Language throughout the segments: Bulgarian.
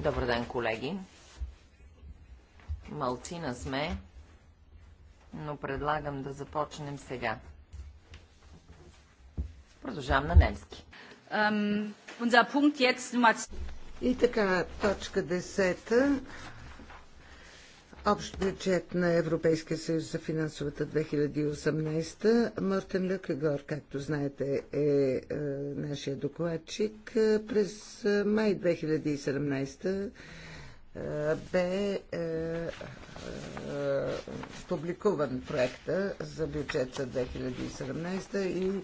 Добър ден, колеги. Малцина сме, но предлагам да започнем сега. Продължавам на немски. Um, и така, точка 10 Общ бюджет на Европейския съюз за финансовата 2018. Мартин Люкегор, както знаете, е, е нашия докладчик. През е, май 2017 е, бе е, е, публикуван проекта за бюджет за 2017 и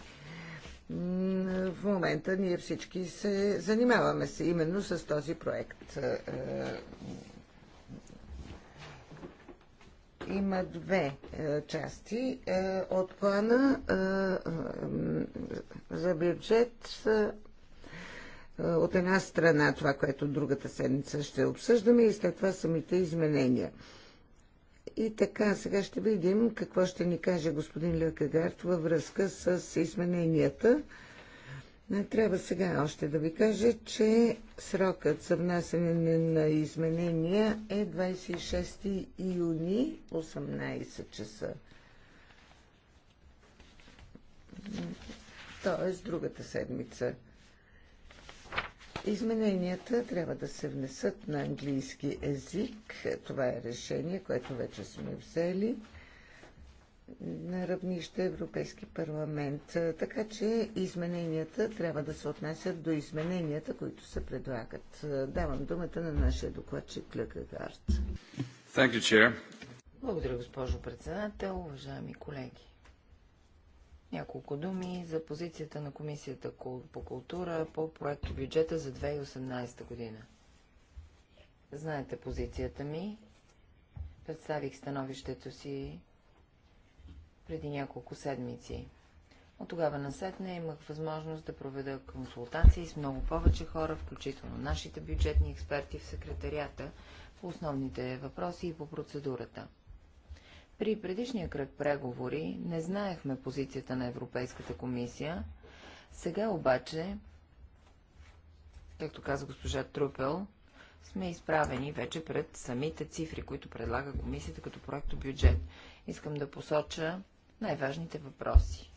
в момента ние всички се занимаваме се именно с този проект. Е, е има две е, части е, от плана е, за бюджет. От една страна това, което другата седмица ще обсъждаме и след това самите изменения. И така, сега ще видим какво ще ни каже господин Лъкагард във връзка с измененията. Трябва сега още да ви кажа, че срокът за внасяне на изменения е 26 юни 18 часа. Тоест другата седмица. Измененията трябва да се внесат на английски език. Това е решение, което вече сме взели на равнище Европейски парламент. Така че измененията трябва да се отнесят до измененията, които се предлагат. Давам думата на нашия докладчик Лъкагард. Благодаря, госпожо председател, уважаеми колеги. Няколко думи за позицията на Комисията по култура по проекто бюджета за 2018 година. Знаете позицията ми. Представих становището си преди няколко седмици. От тогава насетне имах възможност да проведа консултации с много повече хора, включително нашите бюджетни експерти в секретарията, по основните въпроси и по процедурата. При предишния кръг преговори не знаехме позицията на Европейската комисия, сега обаче, както каза госпожа Трупел, сме изправени вече пред самите цифри, които предлага комисията като проекто бюджет. Искам да посоча най-важните въпроси.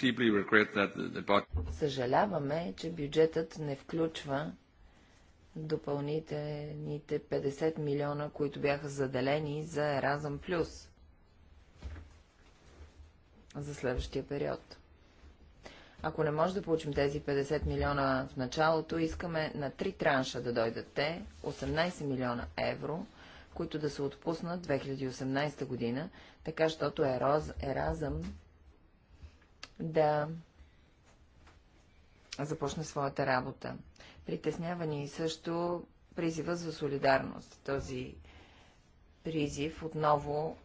The... Съжаляваме, че бюджетът не включва допълнителните 50 милиона, които бяха заделени за Erasmus Плюс за следващия период. Ако не може да получим тези 50 милиона в началото, искаме на три транша да дойдат те, 18 милиона евро които да се отпуснат 2018 година, така щото Ероз, Еразъм да започне своята работа. Притеснява ни също призива за солидарност. Този призив отново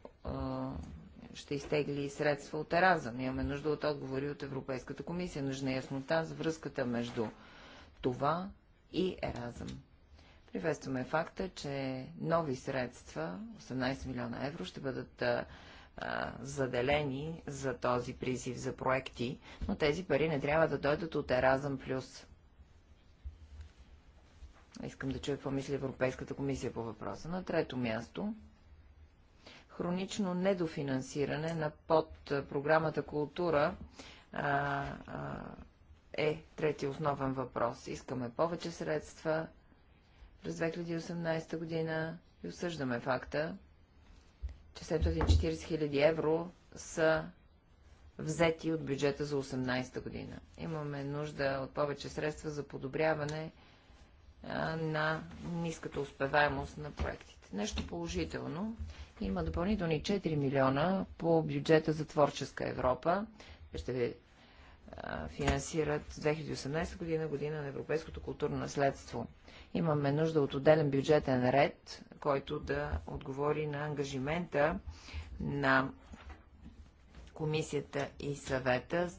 ще изтегли средства от Еразъм. Имаме нужда от отговори от Европейската комисия. Нужна е яснота за връзката между това и Еразъм. Приветстваме факта, че нови средства, 18 милиона евро, ще бъдат а, заделени за този призив за проекти, но тези пари не трябва да дойдат от Еразъм Плюс. Искам да чуя какво мисли Европейската комисия по въпроса. На трето място хронично недофинансиране на под програмата култура а, а, е третия основен въпрос. Искаме повече средства, през 2018 година и осъждаме факта, че 740 хиляди евро са взети от бюджета за 2018 година. Имаме нужда от повече средства за подобряване на ниската успеваемост на проектите. Нещо положително. Има допълнителни 4 милиона по бюджета за творческа Европа. Ще ви финансират 2018 година, година на европейското културно наследство. Имаме нужда от отделен бюджетен ред, който да отговори на ангажимента на комисията и съвета.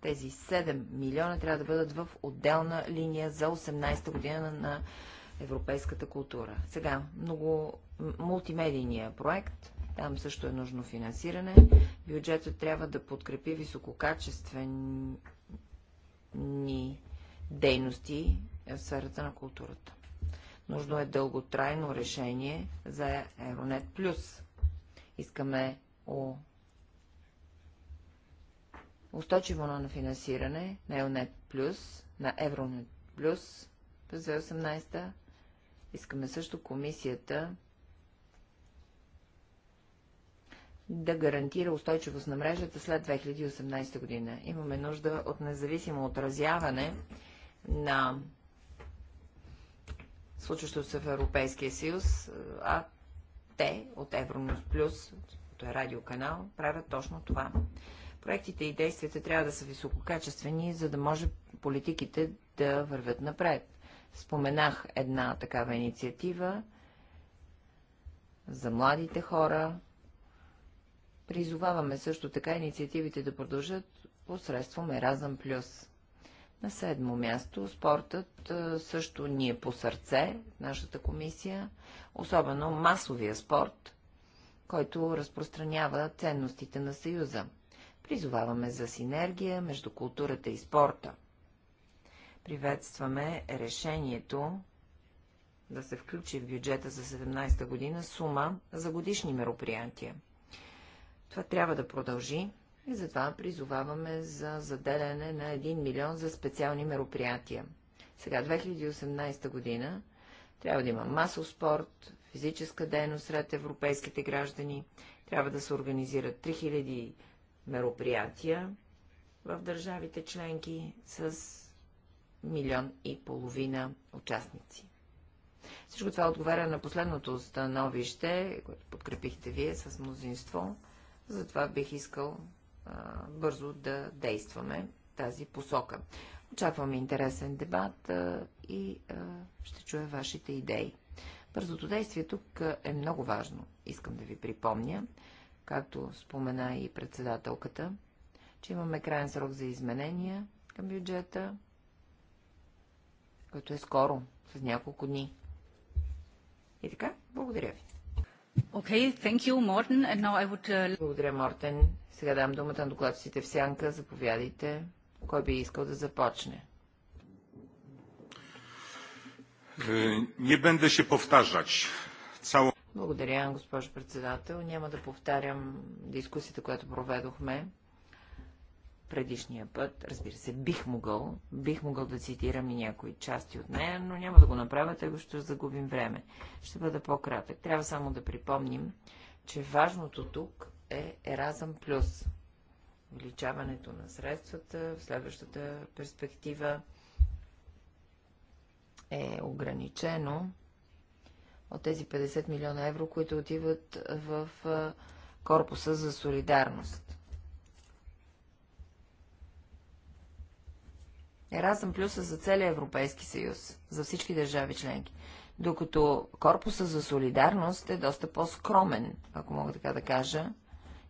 Тези 7 милиона трябва да бъдат в отделна линия за 18-та година на европейската култура. Сега, много мултимедийния проект там също е нужно финансиране. Бюджетът трябва да подкрепи висококачествени дейности в сферата на културата. Нужно е дълготрайно решение за Еронет Плюс. Искаме о устойчиво на финансиране на Елнет Плюс, на Евронет Плюс през 2018 Искаме също комисията да гарантира устойчивост на мрежата след 2018 година. Имаме нужда от независимо отразяване на случващото се в Европейския съюз, а те от Евронус Плюс, като е радиоканал, правят точно това. Проектите и действията трябва да са висококачествени, за да може политиките да вървят напред. Споменах една такава инициатива за младите хора, Призоваваме също така инициативите да продължат посредством Еразъм Плюс. На седмо място спортът също ни е по сърце, нашата комисия, особено масовия спорт, който разпространява ценностите на Съюза. Призоваваме за синергия между културата и спорта. Приветстваме решението да се включи в бюджета за 17 та година сума за годишни мероприятия. Това трябва да продължи и затова призоваваме за заделяне на 1 милион за специални мероприятия. Сега, 2018 година, трябва да има масов спорт, физическа дейност сред европейските граждани, трябва да се организират 3000 мероприятия в държавите членки с милион и половина участници. Всичко това отговаря на последното становище, което подкрепихте вие с мнозинство, затова бих искал а, бързо да действаме тази посока. Очаквам интересен дебат а, и а, ще чуя вашите идеи. Бързото действие тук е много важно. Искам да ви припомня, както спомена и председателката, че имаме крайен срок за изменения към бюджета, който е скоро, с няколко дни. И така, благодаря ви. Okay, thank you, Morten. And now I would... Uh, Благодаря, Мортен. Сега дам думата на докладците в сянка. Заповядайте. Кой би искал да започне? Е, не będę się powtarzać. Całą... Благодаря, госпожо председател. Няма да повтарям дискусията, която проведохме предишния път. Разбира се, бих могъл, бих могъл да цитирам и някои части от нея, но няма да го направя, тъй ще загубим време. Ще бъда по-кратък. Трябва само да припомним, че важното тук е Еразъм Плюс. Увеличаването на средствата в следващата перспектива е ограничено от тези 50 милиона евро, които отиват в корпуса за солидарност. Еразъм плюс е за целия Европейски съюз, за всички държави членки. Докато корпуса за солидарност е доста по-скромен, ако мога така да кажа,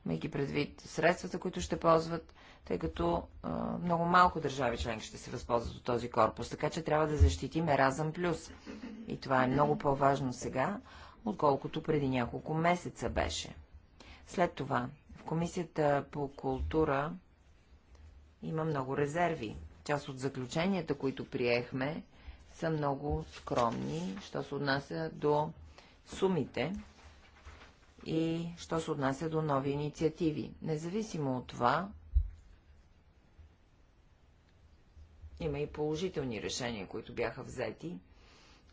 имайки предвид средствата, които ще ползват, тъй като а, много малко държави членки ще се възползват от този корпус, така че трябва да защитим Еразъм Плюс. И това е много по-важно сега, отколкото преди няколко месеца беше. След това, в Комисията по култура има много резерви Част от заключенията, които приехме, са много скромни, що се отнася до сумите и що се отнася до нови инициативи. Независимо от това, има и положителни решения, които бяха взети.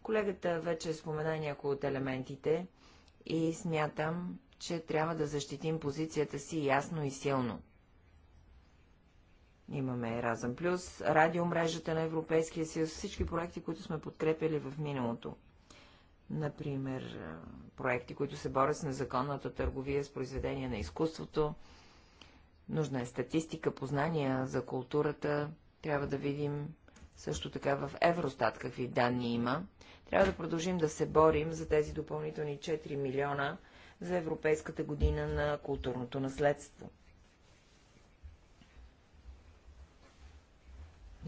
Колегата вече спомена някои от елементите и смятам, че трябва да защитим позицията си ясно и силно. Имаме Еразъм Плюс, радиомрежата на Европейския съюз, всички проекти, които сме подкрепили в миналото. Например, е, проекти, които се борят с незаконната търговия с произведения на изкуството. Нужна е статистика, познания за културата. Трябва да видим също така в Евростат какви данни има. Трябва да продължим да се борим за тези допълнителни 4 милиона за Европейската година на културното наследство.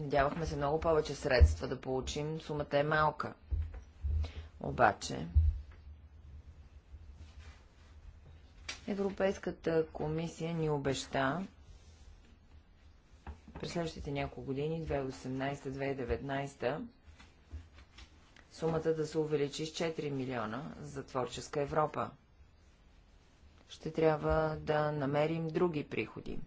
Надявахме се много повече средства да получим. Сумата е малка. Обаче, Европейската комисия ни обеща през следващите няколко години, 2018-2019, сумата да се увеличи с 4 милиона за творческа Европа. Ще трябва да намерим други приходи.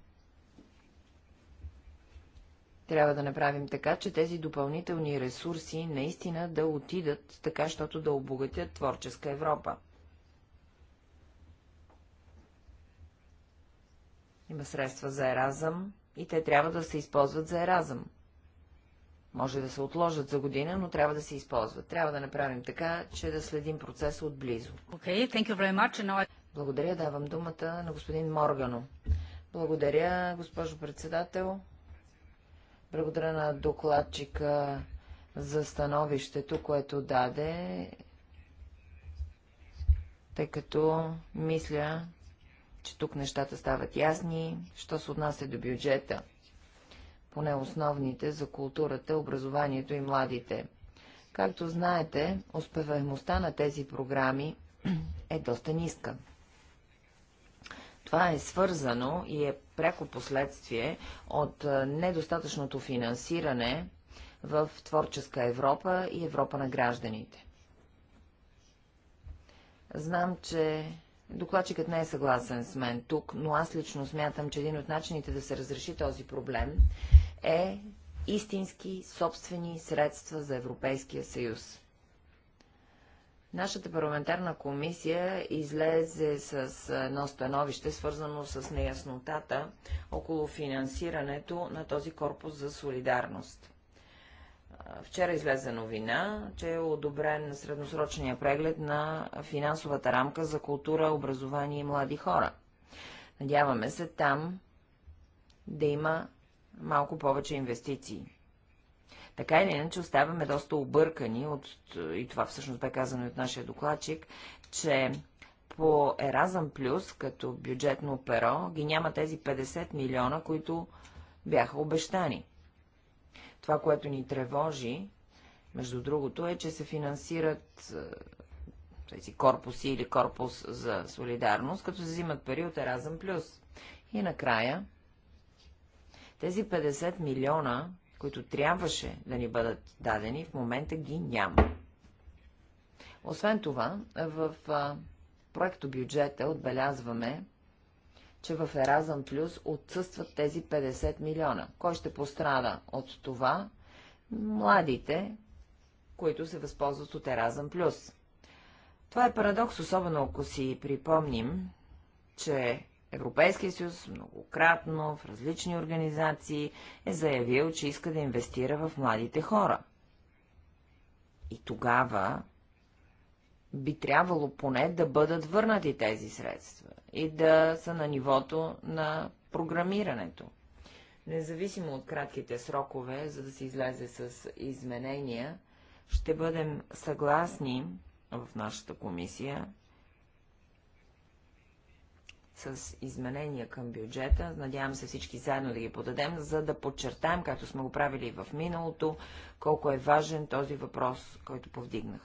Трябва да направим така, че тези допълнителни ресурси наистина да отидат така, щото да обогатят творческа Европа. Има средства за еразъм и те трябва да се използват за еразъм. Може да се отложат за година, но трябва да се използват. Трябва да направим така, че да следим процеса отблизо. Okay, thank you very much. Now I... Благодаря, давам думата на господин Моргано. Благодаря, госпожо председател. Благодаря на докладчика за становището, което даде, тъй като мисля, че тук нещата стават ясни, що се отнася до бюджета, поне основните за културата, образованието и младите. Както знаете, успеваемостта на тези програми е доста ниска. Това е свързано и е пряко последствие от недостатъчното финансиране в творческа Европа и Европа на гражданите. Знам, че докладчикът не е съгласен с мен тук, но аз лично смятам, че един от начините да се разреши този проблем е истински собствени средства за Европейския съюз. Нашата парламентарна комисия излезе с едно становище, свързано с неяснотата около финансирането на този корпус за солидарност. Вчера излезе новина, че е одобрен средносрочния преглед на финансовата рамка за култура, образование и млади хора. Надяваме се там да има малко повече инвестиции. Така или иначе оставаме доста объркани от, и това всъщност бе казано и от нашия докладчик, че по Еразъм Плюс, като бюджетно перо, ги няма тези 50 милиона, които бяха обещани. Това, което ни тревожи, между другото, е, че се финансират е, тези корпуси или корпус за солидарност, като се взимат пари от Еразъм Плюс. И накрая, тези 50 милиона които трябваше да ни бъдат дадени, в момента ги няма. Освен това, в проекто бюджета отбелязваме, че в Еразъм Плюс отсъстват тези 50 милиона. Кой ще пострада от това? Младите, които се възползват от Еразъм Плюс. Това е парадокс, особено ако си припомним, че Европейския съюз многократно в различни организации е заявил, че иска да инвестира в младите хора. И тогава би трябвало поне да бъдат върнати тези средства и да са на нивото на програмирането. Независимо от кратките срокове, за да се излезе с изменения, ще бъдем съгласни в нашата комисия с изменения към бюджета. Надявам се всички заедно да ги подадем, за да подчертаем, както сме го правили в миналото, колко е важен този въпрос, който повдигнах.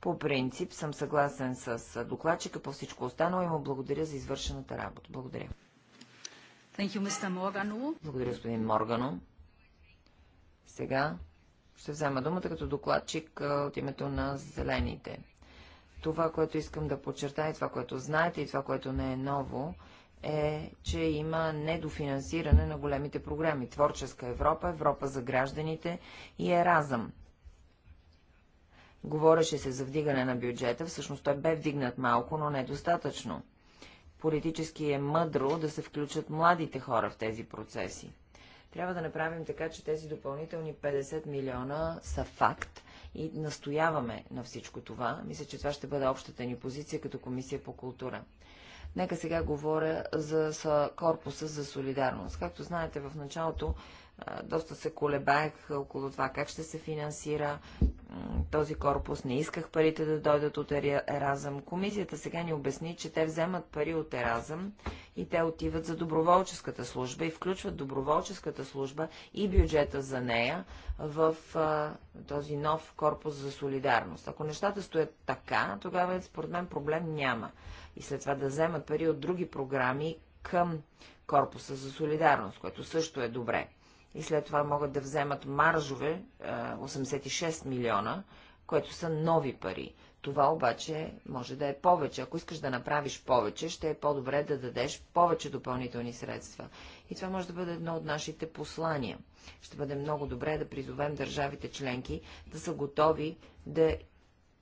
По принцип съм съгласен с докладчика по всичко останало и му благодаря за извършената работа. Благодаря. Thank you, Mr. Благодаря, господин Моргано. Сега ще взема думата като докладчик от името на Зелените. Това, което искам да подчертая, и това, което знаете, и това, което не е ново, е, че има недофинансиране на големите програми. Творческа Европа, Европа за гражданите и Еразъм. Говореше се за вдигане на бюджета, всъщност той бе вдигнат малко, но недостатъчно. Политически е мъдро да се включат младите хора в тези процеси. Трябва да направим така, че тези допълнителни 50 милиона са факт и настояваме на всичко това. Мисля, че това ще бъде общата ни позиция като Комисия по култура. Нека сега говоря за корпуса за солидарност. Както знаете, в началото доста се колебаех около това как ще се финансира, този корпус, не исках парите да дойдат от Еразъм. Комисията сега ни обясни, че те вземат пари от Еразъм и те отиват за доброволческата служба и включват доброволческата служба и бюджета за нея в а, този нов корпус за солидарност. Ако нещата стоят така, тогава според мен проблем няма. И след това да вземат пари от други програми към корпуса за солидарност, което също е добре и след това могат да вземат маржове 86 е, милиона, което са нови пари. Това обаче може да е повече. Ако искаш да направиш повече, ще е по-добре да дадеш повече допълнителни средства. И това може да бъде едно от нашите послания. Ще бъде много добре да призовем държавите членки да са готови да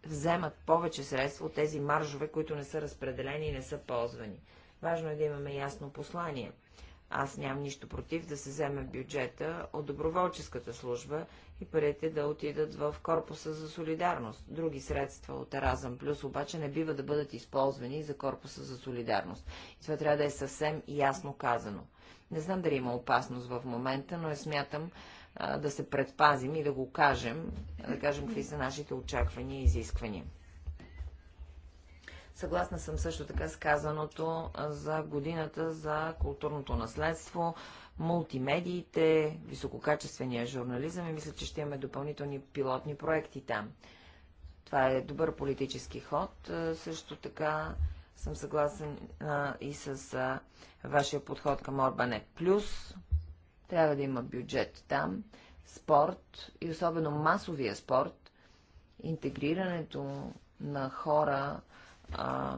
вземат повече средства от тези маржове, които не са разпределени и не са ползвани. Важно е да имаме ясно послание – аз нямам нищо против да се вземе бюджета от доброволческата служба и парите да отидат в Корпуса за солидарност. Други средства от Еразъм Плюс обаче не бива да бъдат използвани за Корпуса за солидарност. И това трябва да е съвсем ясно казано. Не знам дали има опасност в момента, но я смятам а, да се предпазим и да го кажем, да кажем какви са нашите очаквания и изисквания. Съгласна съм също така с казаното за годината за културното наследство, мултимедиите, висококачествения журнализъм и мисля, че ще имаме допълнителни пилотни проекти там. Това е добър политически ход. Също така съм съгласен а, и с а, вашия подход към Орбане. Плюс трябва да има бюджет там, спорт и особено масовия спорт, интегрирането на хора а,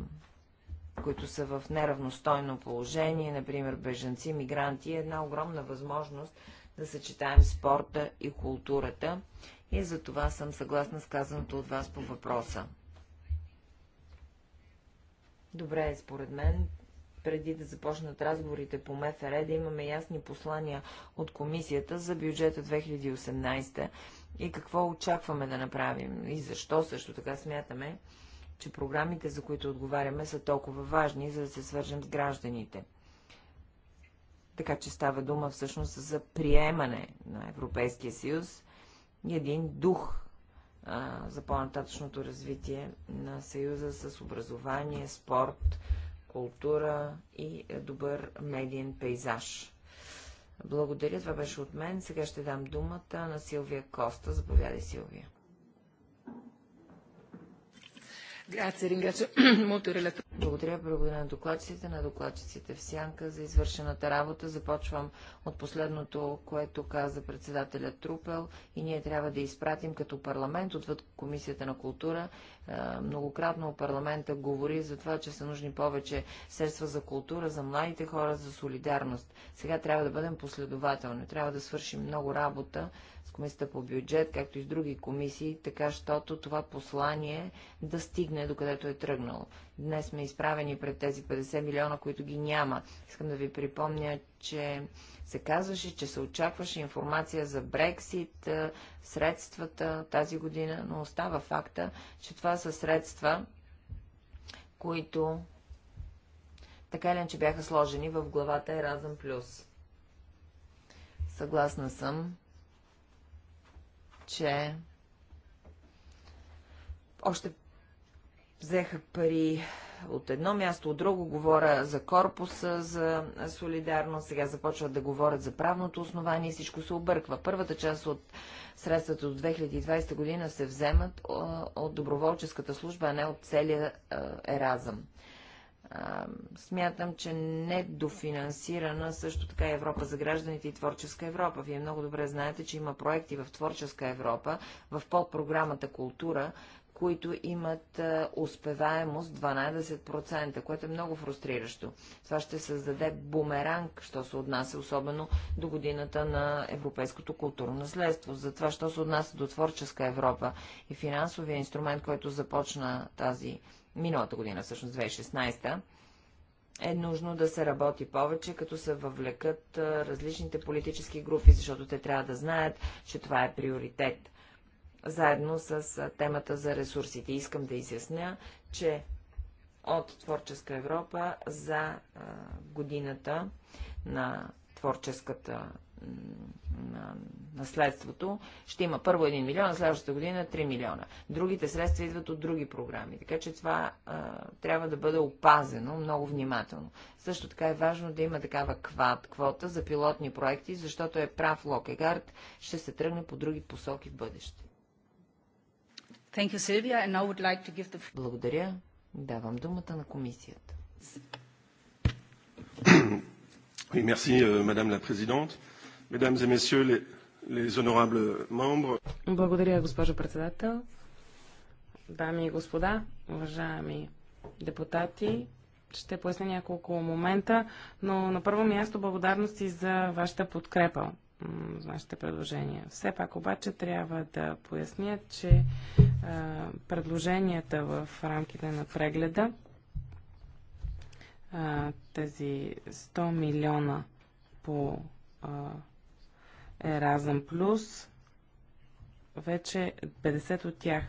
които са в неравностойно положение, например бежанци, мигранти, е една огромна възможност да съчетаем спорта и културата и за това съм съгласна с казаното от вас по въпроса. Добре е според мен, преди да започнат разговорите по МФР, да имаме ясни послания от комисията за бюджета 2018 и какво очакваме да направим и защо също така смятаме, че програмите, за които отговаряме, са толкова важни, за да се свържем с гражданите. Така че става дума всъщност за приемане на Европейския съюз и един дух а, за по-нататъчното развитие на съюза с образование, спорт, култура и добър медиен пейзаж. Благодаря, това беше от мен. Сега ще дам думата на Силвия Коста. Заповядай, Силвия. Grazie, ringrazio molto il relatore. Благодаря, благодаря на докладчиците, на докладчиците в Сянка за извършената работа. Започвам от последното, което каза председателя Трупел и ние трябва да изпратим като парламент отвъд Комисията на култура. Многократно парламента говори за това, че са нужни повече средства за култура, за младите хора, за солидарност. Сега трябва да бъдем последователни. Трябва да свършим много работа с Комисията по бюджет, както и с други комисии, така, щото това послание да стигне до където е тръгнало. Днес сме изправени пред тези 50 милиона, които ги няма. Искам да ви припомня, че се казваше, че се очакваше информация за Брексит, е, средствата тази година, но остава факта, че това са средства, които така или иначе бяха сложени в главата Еразъм Плюс. Съгласна съм, че още взеха пари от едно място, от друго говоря за корпуса, за солидарност, сега започват да говорят за правното основание и всичко се обърква. Първата част от средствата от 2020 година се вземат от доброволческата служба, а не от целия еразъм. Смятам, че недофинансирана също така е Европа за гражданите и Творческа Европа. Вие много добре знаете, че има проекти в Творческа Европа, в подпрограмата Култура, които имат е, успеваемост 12%, което е много фрустриращо. Това ще създаде бумеранг, що се отнася особено до годината на европейското културно наследство. Затова, що се отнася до творческа Европа и финансовия инструмент, който започна тази миналата година, всъщност 2016 е нужно да се работи повече, като се въвлекат е, различните политически групи, защото те трябва да знаят, че това е приоритет заедно с темата за ресурсите. Искам да изясня, че от Творческа Европа за годината на творческата на наследството, ще има първо 1 милион, следващата година 3 милиона. Другите средства идват от други програми, така че това а, трябва да бъде опазено много внимателно. Също така е важно да има такава квад, квота за пилотни проекти, защото е прав Локегард, ще се тръгне по други посоки в бъдеще. You, Sylvia, like the... Благодаря. Давам думата на комисията. Oui, merci, euh, Madame la Présidente. Mesdames et Messieurs les, les honorables membres. Благодаря, госпожо председател. Дами и господа, уважаеми депутати, ще поясня няколко момента, но на първо място благодарности за вашата подкрепа за нашите предложения. Все пак обаче трябва да поясня, че предложенията в рамките на прегледа. Тези 100 милиона по Еразъм Плюс, вече 50 от тях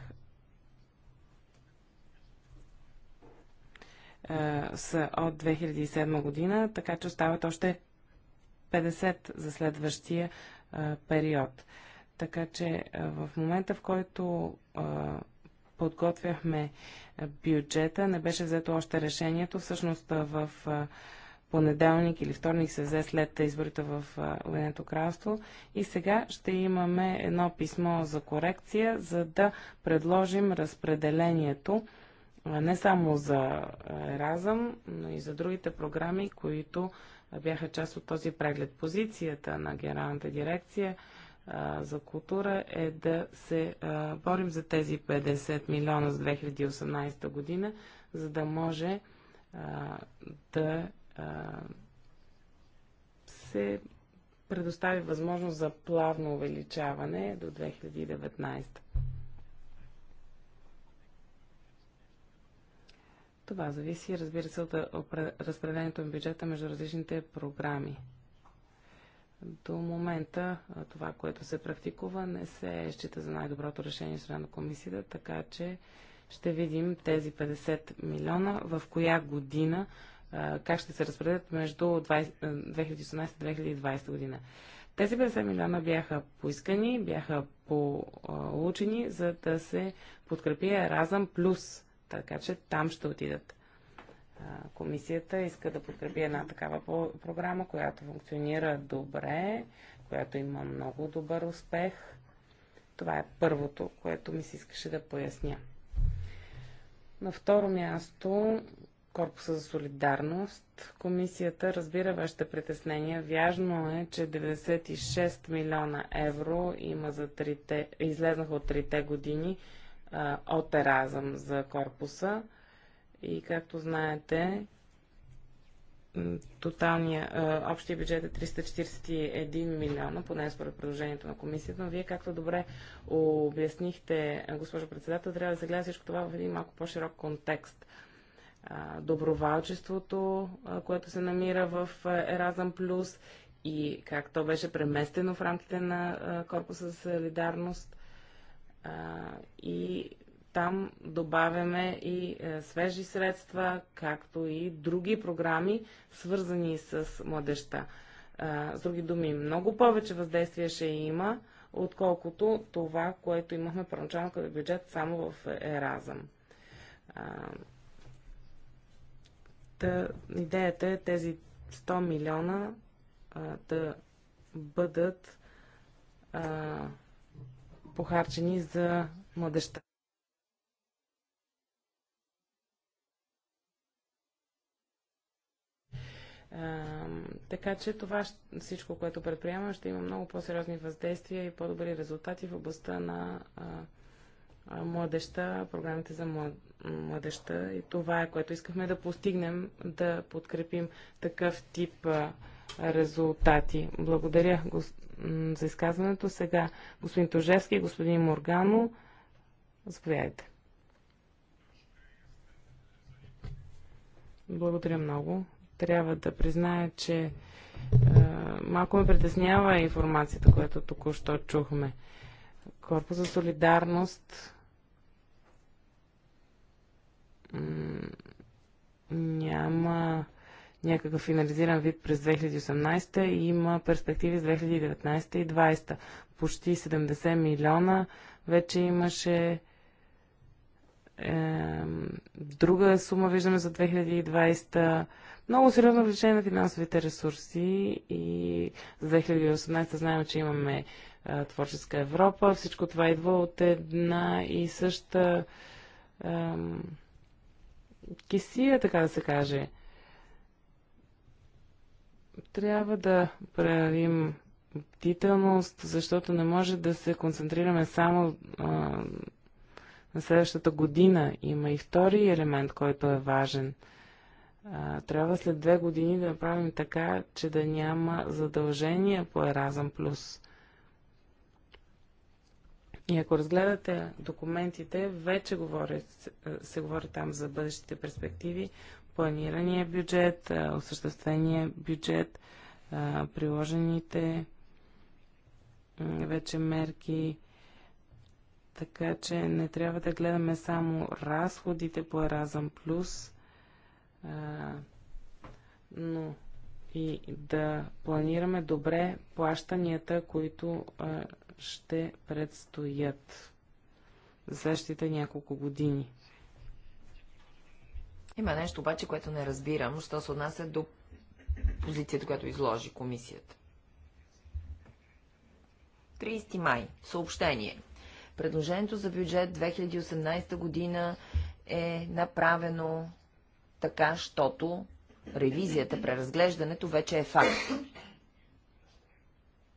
са от 2007 година, така че остават още 50 за следващия период. Така че в момента, в който подготвяхме бюджета, не беше взето още решението. Всъщност в понеделник или вторник се взе след изборите в Обединеното кралство. И сега ще имаме едно писмо за корекция, за да предложим разпределението не само за Еразъм, но и за другите програми, които бяха част от този преглед. Позицията на Генералната дирекция – за култура е да се а, борим за тези 50 милиона за 2018 година, за да може а, да се предостави възможност за плавно увеличаване до 2019. Това зависи, разбира се, от разпределението на бюджета между различните програми. До момента това, което се практикува, не се счита за най-доброто решение страна на комисията, така че ще видим тези 50 милиона в коя година как ще се разпределят между 2018-2020 година. Тези 50 милиона бяха поискани, бяха получени, за да се подкрепи Еразъм Плюс, така че там ще отидат комисията иска да подкрепи една такава програма, която функционира добре, която има много добър успех. Това е първото, което ми се искаше да поясня. На второ място, Корпуса за солидарност. Комисията разбира вашите притеснения. Вяжно е, че 96 милиона евро има за трите, излезнаха от трите години а, от Еразъм за корпуса. И както знаете, тоталния, общия бюджет е 341 милиона, поне според предложението на комисията, но вие както добре обяснихте, госпожо председател, трябва да се гледа всичко това в един малко по-широк контекст. доброволчеството, което се намира в Еразъм Плюс и как то беше преместено в рамките на Корпуса за солидарност и там добавяме и е, свежи средства, както и други програми, свързани с младеща. Е, с други думи, много повече въздействие ще има, отколкото това, което имахме първоначално като бюджет само в Еразъм. Е, та, идеята е тези 100 милиона да бъдат похарчени за младеща. така че това всичко, което предприемам, ще има много по-сериозни въздействия и по-добри резултати в областта на а, младеща, програмите за младеща. И това е което искахме да постигнем, да подкрепим такъв тип а, резултати. Благодаря гос... за изказването. Сега господин Тожевски и господин Моргано. Заповядайте. Благодаря много трябва да призная, че е, малко ме притеснява информацията, която току-що чухме. Корпус за солидарност няма някакъв финализиран вид през 2018 и има перспективи с 2019 и 2020. Почти 70 милиона вече имаше друга сума виждаме за 2020. Много сериозно влечение на финансовите ресурси и за 2018 знаем, че имаме а, Творческа Европа. Всичко това идва от една и съща ам, кисия, така да се каже. Трябва да правим бдителност, защото не може да се концентрираме само а, на следващата година. Има и втори елемент, който е важен. Трябва след две години да направим така, че да няма задължения по Еразъм Плюс. И ако разгледате документите, вече говори, се говори там за бъдещите перспективи, планирания бюджет, осъществения бюджет, приложените вече мерки, така че не трябва да гледаме само разходите по Еразъм Плюс, но и да планираме добре плащанията, които ще предстоят за следващите няколко години. Има нещо обаче, което не разбирам, що се отнася до позицията, която изложи комисията. 30 май. Съобщение. Предложението за бюджет 2018 година е направено така, щото ревизията, преразглеждането вече е факт.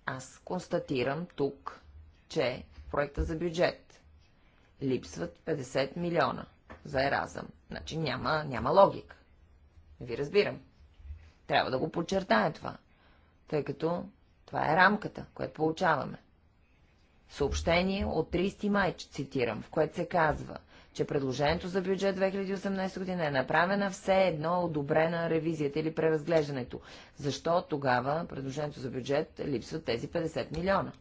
Аз констатирам тук, че в проекта за бюджет липсват 50 милиона за Еразъм. Значи няма, няма логика. Ви разбирам. Трябва да го подчертая това, тъй като това е рамката, която получаваме. Съобщение от 30 май, цитирам, в което се казва, че предложението за бюджет 2018 година е направена все едно одобрена ревизията или преразглеждането. Защо тогава предложението за бюджет липсват тези 50 милиона?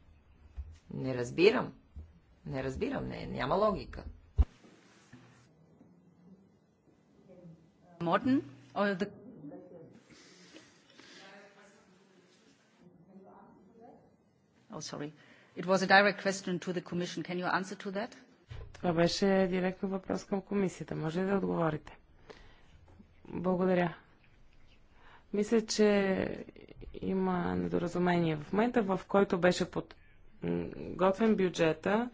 Не разбирам. Не разбирам, не, няма логика. Modern Oh, sorry. It was a direct question to the Commission. Can you answer to that? Това беше директно въпрос към комисията. Може ли да отговорите? Благодаря. Мисля, че има недоразумение. В момента, в който беше подготвен бюджета,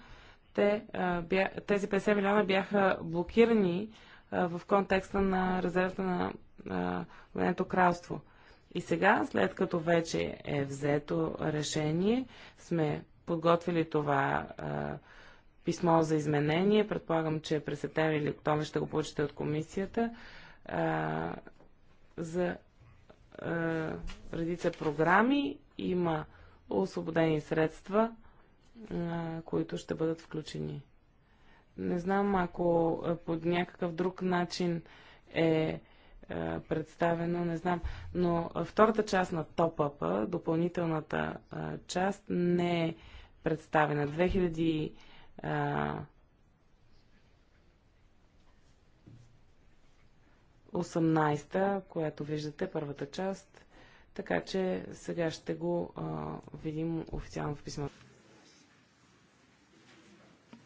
те, бя, тези 50 милиона бяха блокирани в контекста на резервата на Военното кралство. И сега, след като вече е взето решение, сме подготвили това а, писмо за изменение. Предполагам, че през септември или октомври ще го получите от комисията а, за а, редица програми. Има освободени средства, а, които ще бъдат включени. Не знам ако под някакъв друг начин е представено, не знам. Но втората част на топъпа, допълнителната част, не е представена. 2000 а, та която виждате, първата част. Така че сега ще го а, видим официално в писмото.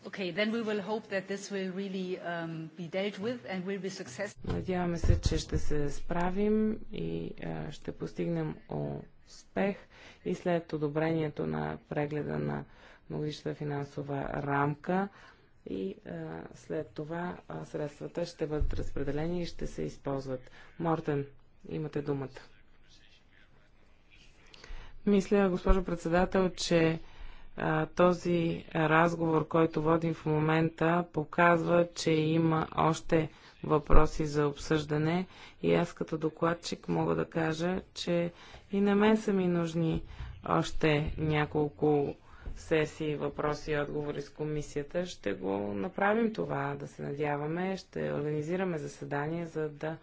Okay, then we will hope that this will really um, be dealt with and will be successful. Надяваме се, че ще се справим и ще постигнем успех и след одобрението на прегледа на многогодишната финансова рамка и след това средствата ще бъдат разпределени и ще се използват. Мортен, имате думата. Мисля, госпожо председател, че този разговор, който водим в момента, показва, че има още въпроси за обсъждане и аз като докладчик мога да кажа, че и на мен са ми нужни още няколко сесии въпроси и отговори с комисията. Ще го направим това, да се надяваме. Ще организираме заседание, за да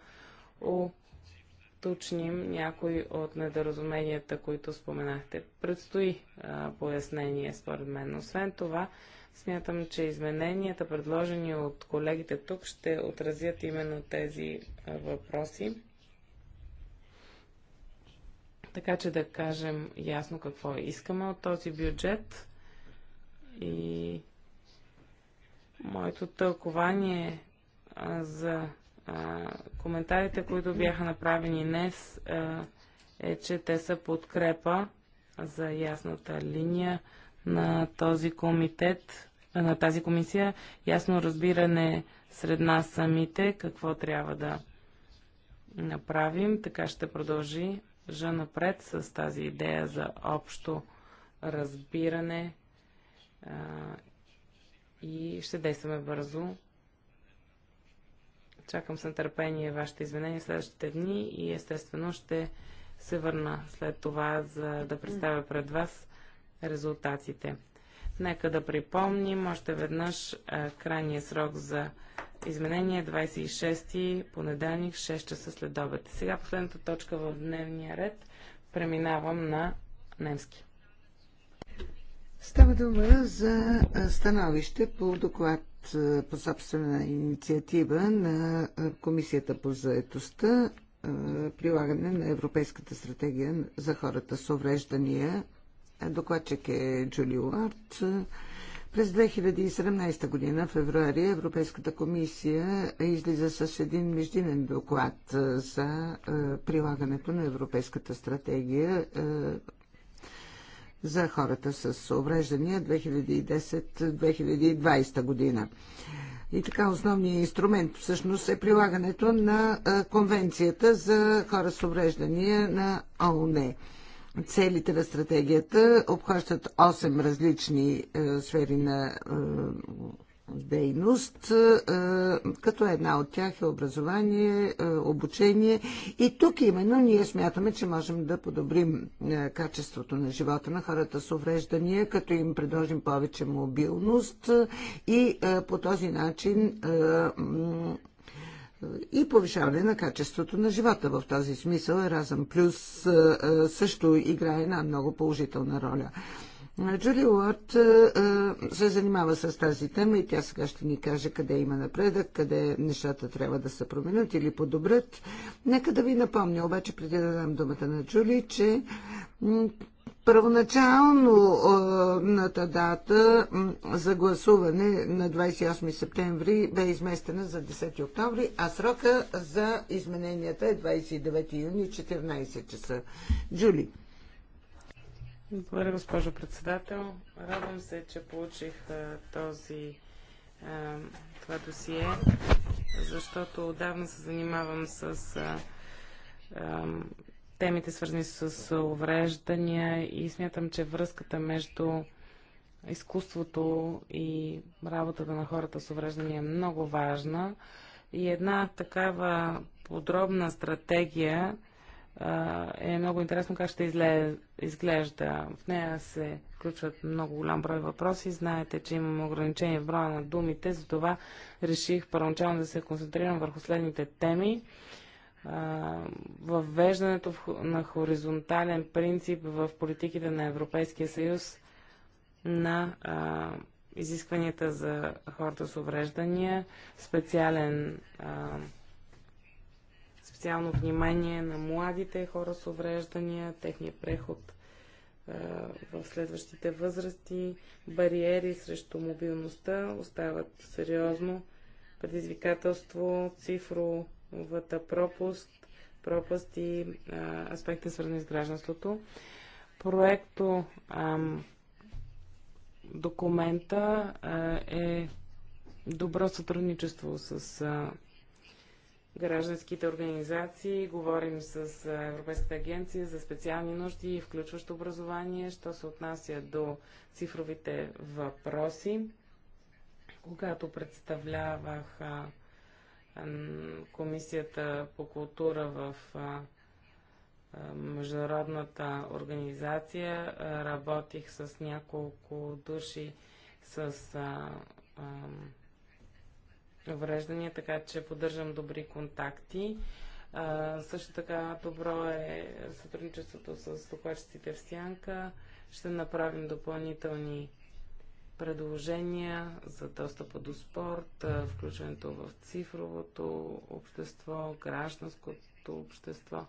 уточним някои от недоразуменията, които споменахте. Предстои а, пояснение, според мен. Освен това, смятам, че измененията, предложени от колегите тук, ще отразят именно тези а, въпроси. Така че да кажем ясно какво искаме от този бюджет и моето тълкование за коментарите, които бяха направени днес, а, е, че те са подкрепа за ясната линия на този комитет, на тази комисия, ясно разбиране сред нас самите какво трябва да направим. Така ще продължи жа напред с тази идея за общо разбиране а, и ще действаме бързо Чакам с нетърпение вашите изменения следващите дни и естествено ще се върна след това, за да представя пред вас резултатите. Нека да припомним още веднъж крайния срок за изменение 26 е понеделник 6 часа след обед. Сега последната точка в дневния ред преминавам на немски. Става дума за становище по доклад е, по собствена инициатива на е, Комисията по заетостта е, прилагане на Европейската стратегия за хората с увреждания. Докладчик е Джули Уарт. През 2017 година, в февруари, Европейската комисия излиза с един междинен доклад за прилагането на Европейската стратегия за хората с увреждания 2010-2020 година. И така основният инструмент всъщност е прилагането на Конвенцията за хора с увреждания на ООН. Целите на стратегията обхващат 8 различни сфери на дейност, е, като една от тях е образование, е, обучение. И тук именно ние смятаме, че можем да подобрим е, качеството на живота на хората с увреждания, като им предложим повече мобилност и по този начин и повишаване на качеството на живота. В този смисъл Еразъм Плюс също играе една много положителна роля. Джули Уорд е, е, се занимава с тази тема и тя сега ще ни каже къде има напредък, къде нещата трябва да се променят или подобрят. Нека да ви напомня, обаче преди да дам думата на Джули, че първоначално е, тази дата за гласуване на 28 септември бе изместена за 10 октомври, а срока за измененията е 29 юни 14 часа. Джули. Благодаря, госпожо председател. Радвам се, че получих този, това досие, защото отдавна се занимавам с темите, свързани с увреждания и смятам, че връзката между изкуството и работата на хората с увреждания е много важна. И една такава подробна стратегия е много интересно как ще изглежда. В нея се включват много голям брой въпроси. Знаете, че имам ограничение в броя на думите, затова реших първоначално да се концентрирам върху следните теми. Въвеждането на хоризонтален принцип в политиките на Европейския съюз на изискванията за хората с увреждания, специален а, специално внимание на младите хора с увреждания, техния преход в следващите възрасти, бариери срещу мобилността остават сериозно предизвикателство, цифровата пропуст, пропаст и аспекти свързани с гражданството. Проекто документа е добро сътрудничество с гражданските организации, говорим с Европейската агенция за специални нужди и включващо образование, що се отнася до цифровите въпроси. Когато представлявах а, а, Комисията по култура в а, международната организация, работих с няколко души с увреждания, така че поддържам добри контакти. А, също така добро е сътрудничеството с докладчиците в Сянка. Ще направим допълнителни предложения за достъпа до спорт, включването в цифровото общество, гражданското общество.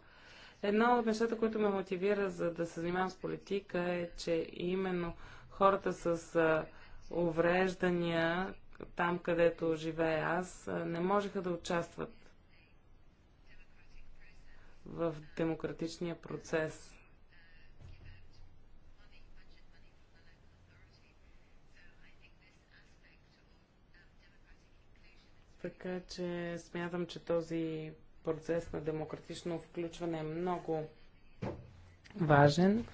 Едно от нещата, които ме мотивира за да се занимавам с политика е, че именно хората с увреждания там където живея аз, не можеха да участват в демократичния процес. Така че смятам, че този процес на демократично включване е много важен.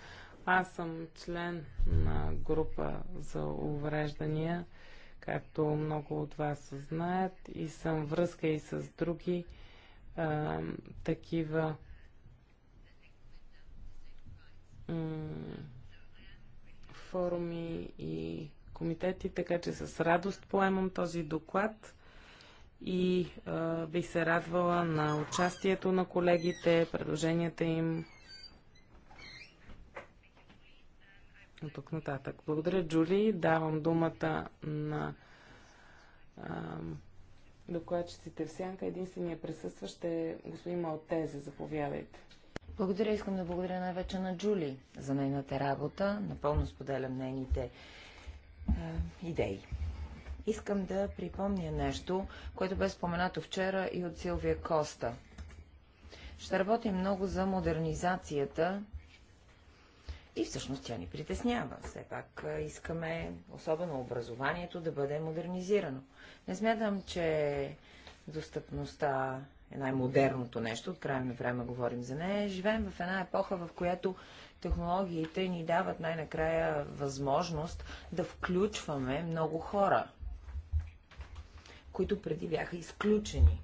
Аз съм член на група за увреждания както много от вас знаят, и съм връзка и с други а, такива форуми и комитети, така че с радост поемам този доклад и а, бих се радвала на участието на колегите, предложенията им успешно тук нататък. Благодаря, Джули. Давам думата на докладчиците в сянка. Единственият присъстващ е господин Малтезе. Заповядайте. Благодаря. Искам да благодаря най-вече на Джули за нейната работа. Напълно споделям нейните идеи. Искам да припомня нещо, което бе споменато вчера и от Силвия Коста. Ще работим много за модернизацията и всъщност тя ни притеснява. Все пак искаме, особено образованието, да бъде модернизирано. Не смятам, че достъпността е най-модерното нещо. От крайно на време говорим за нея. Живеем в една епоха, в която технологиите ни дават най-накрая възможност да включваме много хора, които преди бяха изключени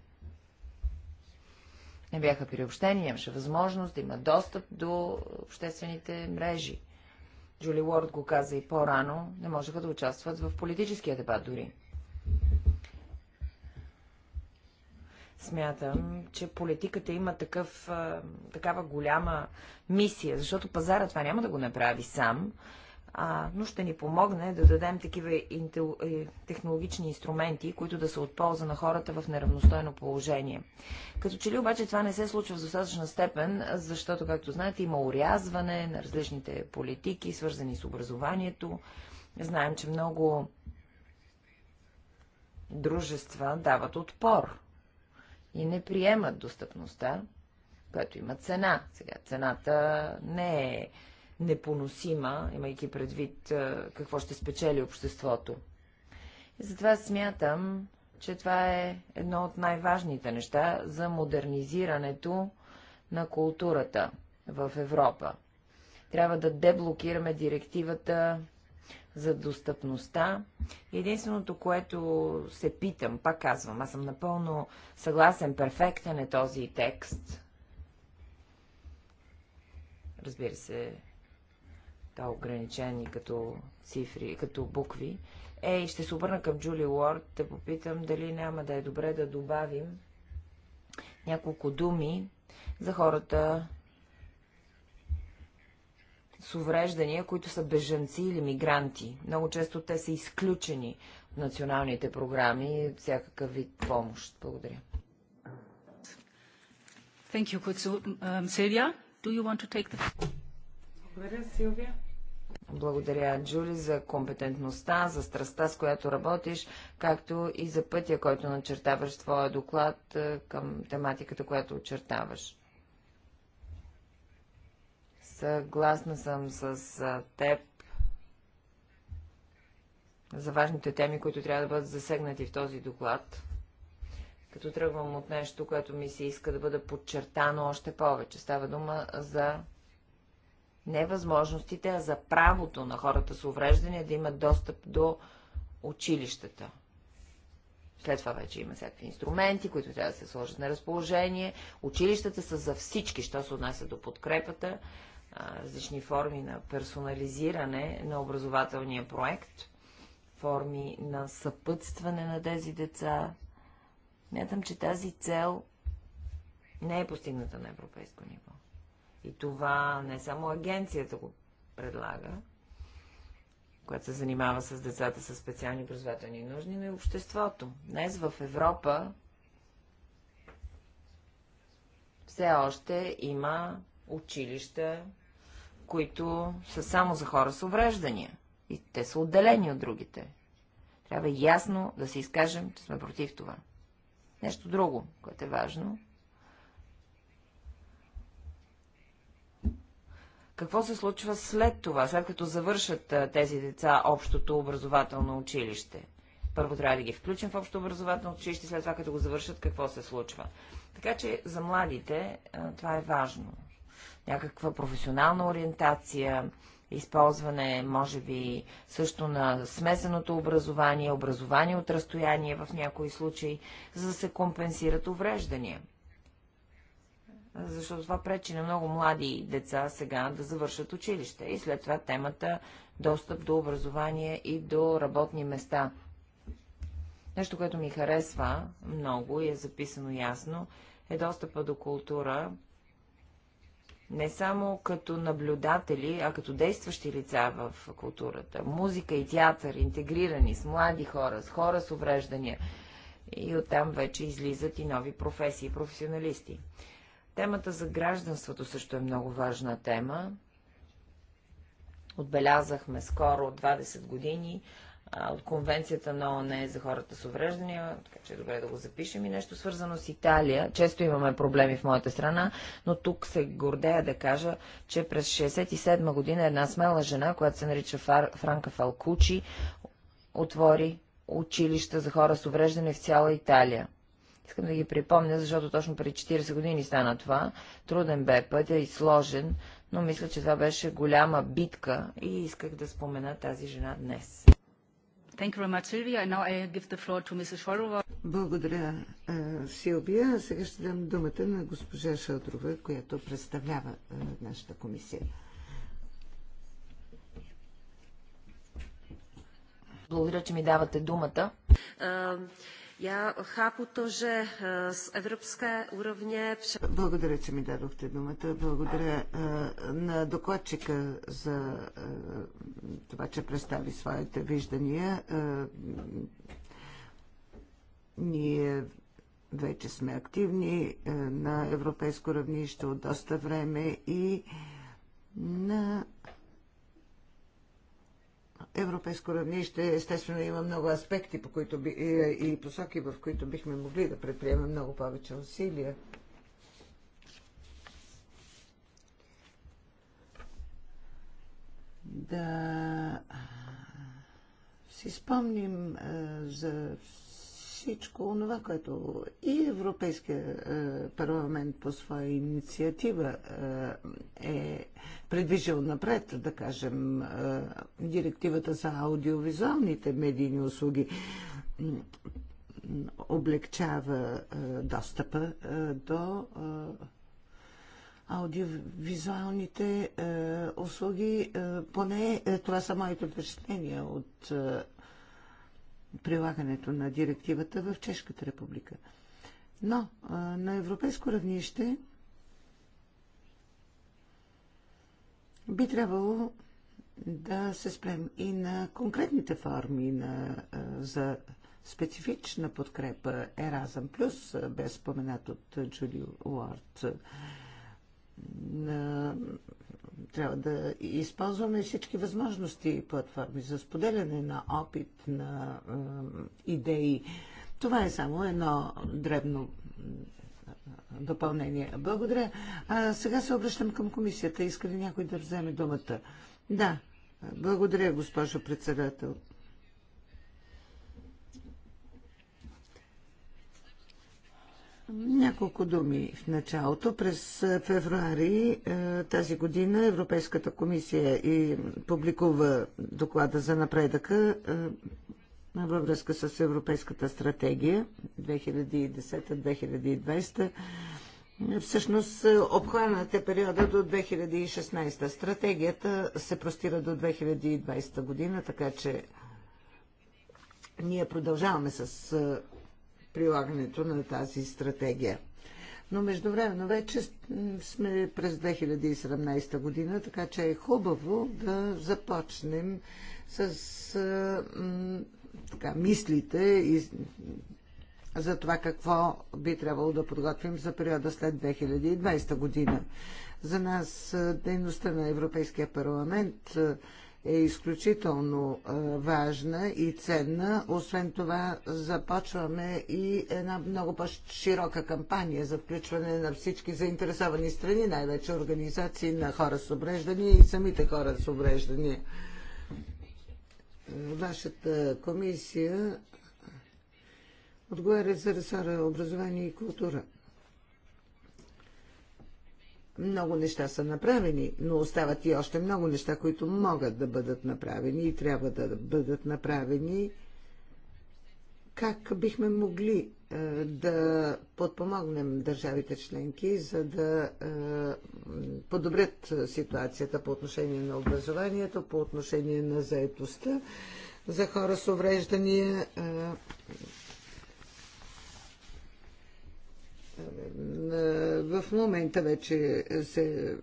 не бяха приобщени, нямаше възможност да има достъп до обществените мрежи. Джули Уорд го каза и по-рано, не можеха да участват в политическия дебат дори. Смятам, че политиката има такъв, такава голяма мисия, защото пазара това няма да го направи сам но ще ни помогне да дадем такива е, технологични инструменти, които да са от полза на хората в неравностойно положение. Като че ли обаче това не се случва в достатъчна степен, защото, както знаете, има урязване на различните политики, свързани с образованието. Знаем, че много дружества дават отпор и не приемат достъпността, която има цена. Сега цената не е непоносима, имайки предвид какво ще спечели обществото. И затова смятам, че това е едно от най-важните неща за модернизирането на културата в Европа. Трябва да деблокираме директивата за достъпността. Единственото, което се питам, пак казвам, аз съм напълно съгласен, перфектен е този текст. Разбира се, така ограничени като цифри, като букви. Ей, ще се обърна към Джули Уорд, да попитам дали няма да е добре да добавим няколко думи за хората с увреждания, които са бежанци или мигранти. Много често те са изключени от националните програми, всякакъв вид помощ. Благодаря. Thank you, um, Silvia, do you want to take the... Благодаря, Силвия. Благодаря, Джули, за компетентността, за страстта, с която работиш, както и за пътя, който начертаваш твоя доклад е, към тематиката, която очертаваш. Съгласна съм с теб за важните теми, които трябва да бъдат засегнати в този доклад като тръгвам от нещо, което ми се иска да бъде подчертано още повече. Става дума за не възможностите, а за правото на хората с увреждания да имат достъп до училищата. След това вече има всякакви инструменти, които трябва да се сложат на разположение. Училищата са за всички, що се отнася до подкрепата, различни форми на персонализиране на образователния проект, форми на съпътстване на тези деца. Мятам, че тази цел не е постигната на европейско ниво. И това не само агенцията го предлага, която се занимава с децата с специални образователни нужди, но и обществото. Днес в Европа все още има училища, които са само за хора с увреждания. И те са отделени от другите. Трябва ясно да се изкажем, че сме против това. Нещо друго, което е важно – Какво се случва след това, след като завършат тези деца общото образователно училище? Първо трябва да ги включим в общото образователно училище, след това като го завършат, какво се случва. Така че за младите това е важно. Някаква професионална ориентация, използване, може би, също на смесеното образование, образование от разстояние в някои случаи, за да се компенсират увреждания защото това пречи на много млади деца сега да завършат училище. И след това темата достъп до образование и до работни места. Нещо, което ми харесва много и е записано ясно, е достъпа до култура не само като наблюдатели, а като действащи лица в културата. Музика и театър, интегрирани с млади хора, с хора с увреждания. И оттам вече излизат и нови професии професионалисти. Темата за гражданството също е много важна тема. Отбелязахме скоро от 20 години а, от конвенцията на ОНЕ за хората с увреждания, така че е добре да го запишем и нещо свързано с Италия. Често имаме проблеми в моята страна, но тук се гордея да кажа, че през 67 година една смела жена, която се нарича Фар... Франка Фалкучи, отвори училища за хора с увреждане в цяла Италия. Искам да ги припомня, защото точно преди 40 години стана това. Труден бе пътя и сложен, но мисля, че това беше голяма битка и исках да спомена тази жена днес. Благодаря, е, Силвия. Сега ще дам думата на госпожа Шодрова, която представлява е, нашата комисия. Благодаря, че ми давате думата. Е, Já chápu to, že z evropské úrovně... Благодаря, че ми дадохте думата. Благодаря е, на докладчика за е, това, че представи своите виждания. Е, ние вече сме активни на европейско равнище от доста време и на европейско равнище естествено има много аспекти по които би, и посоки, в които бихме могли да предприемем много повече усилия. Да си спомним за всичко това, което и Европейския е, парламент по своя инициатива е, е предвижил напред, да кажем, е, директивата за аудиовизуалните медийни услуги облегчава достъпа до аудиовизуалните услуги. Поне това са моите впечатления от прилагането на директивата в Чешката република. Но на европейско равнище би трябвало да се спрем и на конкретните форми на, за специфична подкрепа Еразъм Плюс, без споменат от Джули Уорд трябва да използваме всички възможности и платформи за споделяне на опит, на идеи. Това е само едно дребно допълнение. Благодаря. А сега се обръщам към комисията. Иска ли някой да вземе думата? Да. Благодаря, госпожо председател. Няколко думи в началото. През февруари тази година Европейската комисия и публикува доклада за напредъка във връзка с Европейската стратегия 2010-2020. Всъщност обхванате периода до 2016. Стратегията се простира до 2020 година, така че ние продължаваме с прилагането на тази стратегия. Но междувременно вече сме през 2017 година, така че е хубаво да започнем с така, мислите и за това какво би трябвало да подготвим за периода след 2020 година. За нас дейността на Европейския парламент е изключително важна и ценна. Освен това, започваме и една много по-широка кампания за включване на всички заинтересовани страни, най-вече организации на хора с обреждания и самите хора с обреждания. Вашата комисия отговаря за ресора образование и култура. Много неща са направени, но остават и още много неща, които могат да бъдат направени и трябва да бъдат направени. Как бихме могли е, да подпомогнем държавите членки, за да е, подобрят ситуацията по отношение на образованието, по отношение на заетостта за хора с увреждания? Е, Е, в момента вече се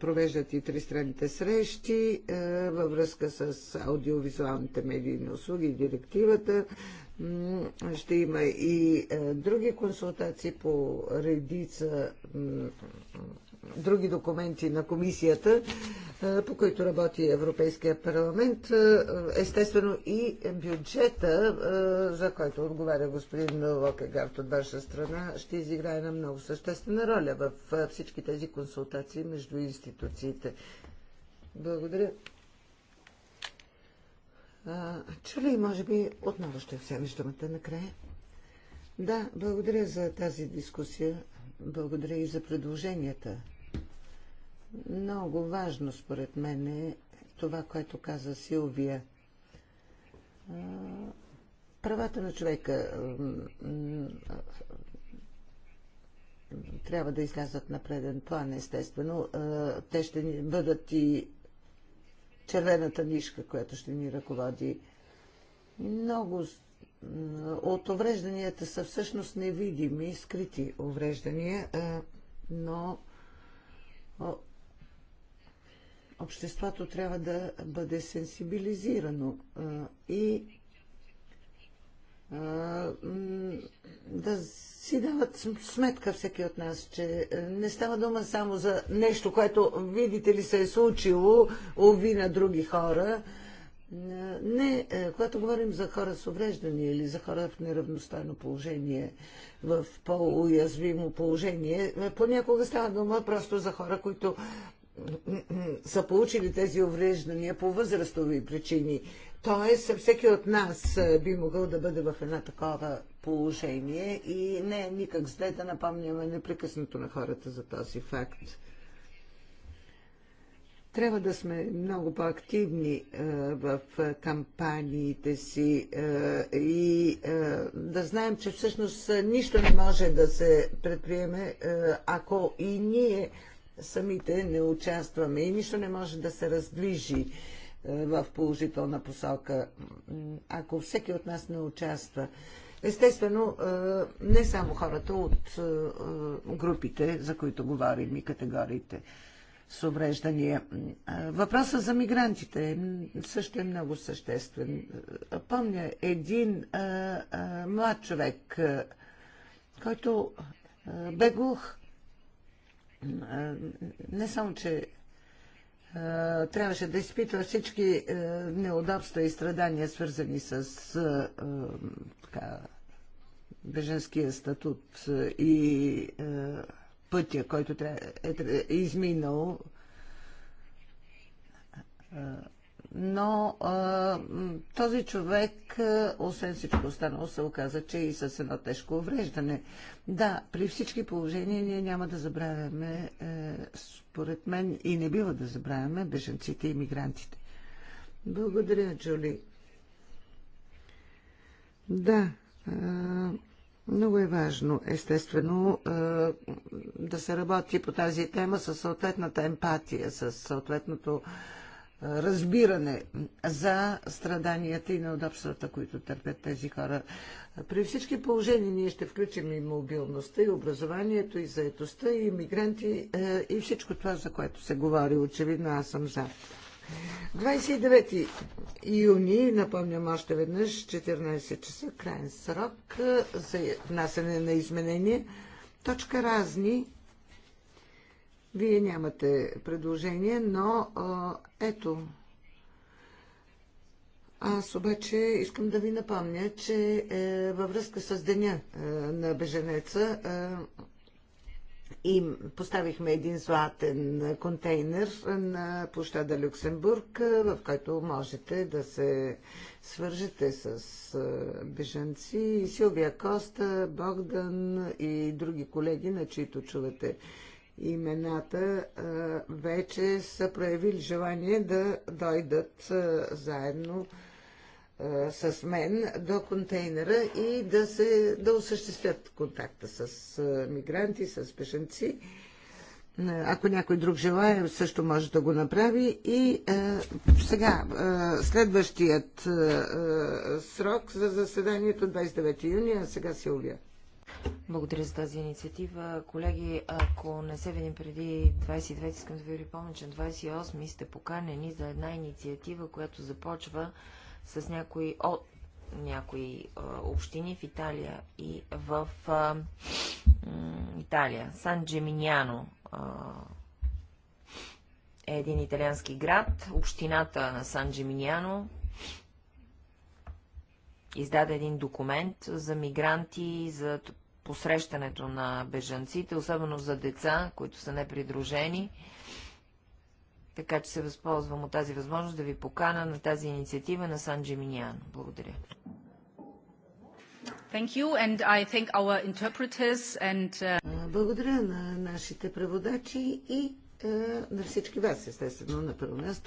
провеждат и тристранните срещи е, във връзка с аудиовизуалните медийни услуги и директивата. Ще има и е, други консултации по редица други документи на комисията, е, по които работи Европейския парламент. Е, естествено и бюджета, е, за който отговаря господин Локегард от ваша страна, ще изиграе на много съществена роля в всички тези консултации между институциите. Благодаря. Чули, може би отново ще вземеш думата накрая. Да, благодаря за тази дискусия. Благодаря и за предложенията. Много важно според мен е това, което каза Силвия. Правата на човека трябва да излязат на преден план, естествено. Те ще бъдат и червената нишка, която ще ни ръководи. Много от уврежданията са всъщност невидими, скрити увреждания, но обществото трябва да бъде сенсибилизирано и да си дават сметка всеки от нас, че не става дума само за нещо, което, видите ли, се е случило, уви на други хора. Не, когато говорим за хора с увреждания или за хора в неравностойно положение, в по-уязвимо положение, понякога става дума просто за хора, които са получили тези увреждания по възрастови причини. Тоест, всеки от нас би могъл да бъде в една такова положение и не е никак зле да напомняме непрекъснато на хората за този факт. Трябва да сме много по-активни в кампаниите си и да знаем, че всъщност нищо не може да се предприеме, ако и ние самите не участваме и нищо не може да се раздвижи е, в положителна посока, ако всеки от нас не участва. Естествено, е, не само хората от е, групите, за които говорим и категориите с увреждания. Въпросът за мигрантите също е много съществен. Помня един млад човек, който бе не само, че трябваше да изпитва всички неудобства и страдания, свързани с така, беженския статут и пътя, който е, е изминал но а, този човек, освен всичко останало, се оказа, че и с едно тежко увреждане. Да, при всички положения ние няма да забравяме, е, според мен, и не бива да забравяме беженците и мигрантите. Благодаря, Джули. Да, е, много е важно, естествено, е, да се работи по тази тема със съответната емпатия, със съответното е, разбиране за страданията и неудобствата, които търпят тези хора. При всички положения ние ще включим и мобилността, и образованието, и заетостта, и мигранти, е, и всичко това, за което се говори. Очевидно аз съм за. 29 юни, напомням още веднъж, 14 часа, крайен срок е, за внасяне на изменение. Точка разни вие нямате предложение, но ето. Аз обаче искам да ви напомня, че е, във връзка с деня е, на беженеца е, им поставихме един златен контейнер на площада Люксембург, е, в който можете да се свържете с е, беженци. Силвия Коста, Богдан и други колеги, на чието чувате имената вече са проявили желание да дойдат заедно с мен до контейнера и да, се, да осъществят контакта с мигранти, с пешенци. Ако някой друг желая, също може да го направи. И е, сега, е, следващият е, срок за заседанието 29 юни, а сега Силвия. Благодаря за тази инициатива. Колеги, ако не се видим преди 22, искам да ви припомня, че 28 сте поканени за една инициатива, която започва с някои от някои а, общини в Италия и в а, Италия. Сан Джеминяно е един италиански град. Общината на Сан Джеминяно издаде един документ за мигранти, за посрещането на бежанците, особено за деца, които са непридружени. Така че се възползвам от тази възможност да ви покана на тази инициатива на Сан Джиминян. Благодаря. And... Uh, Благодаря на нашите преводачи и е, на всички вас, естествено, на първо място.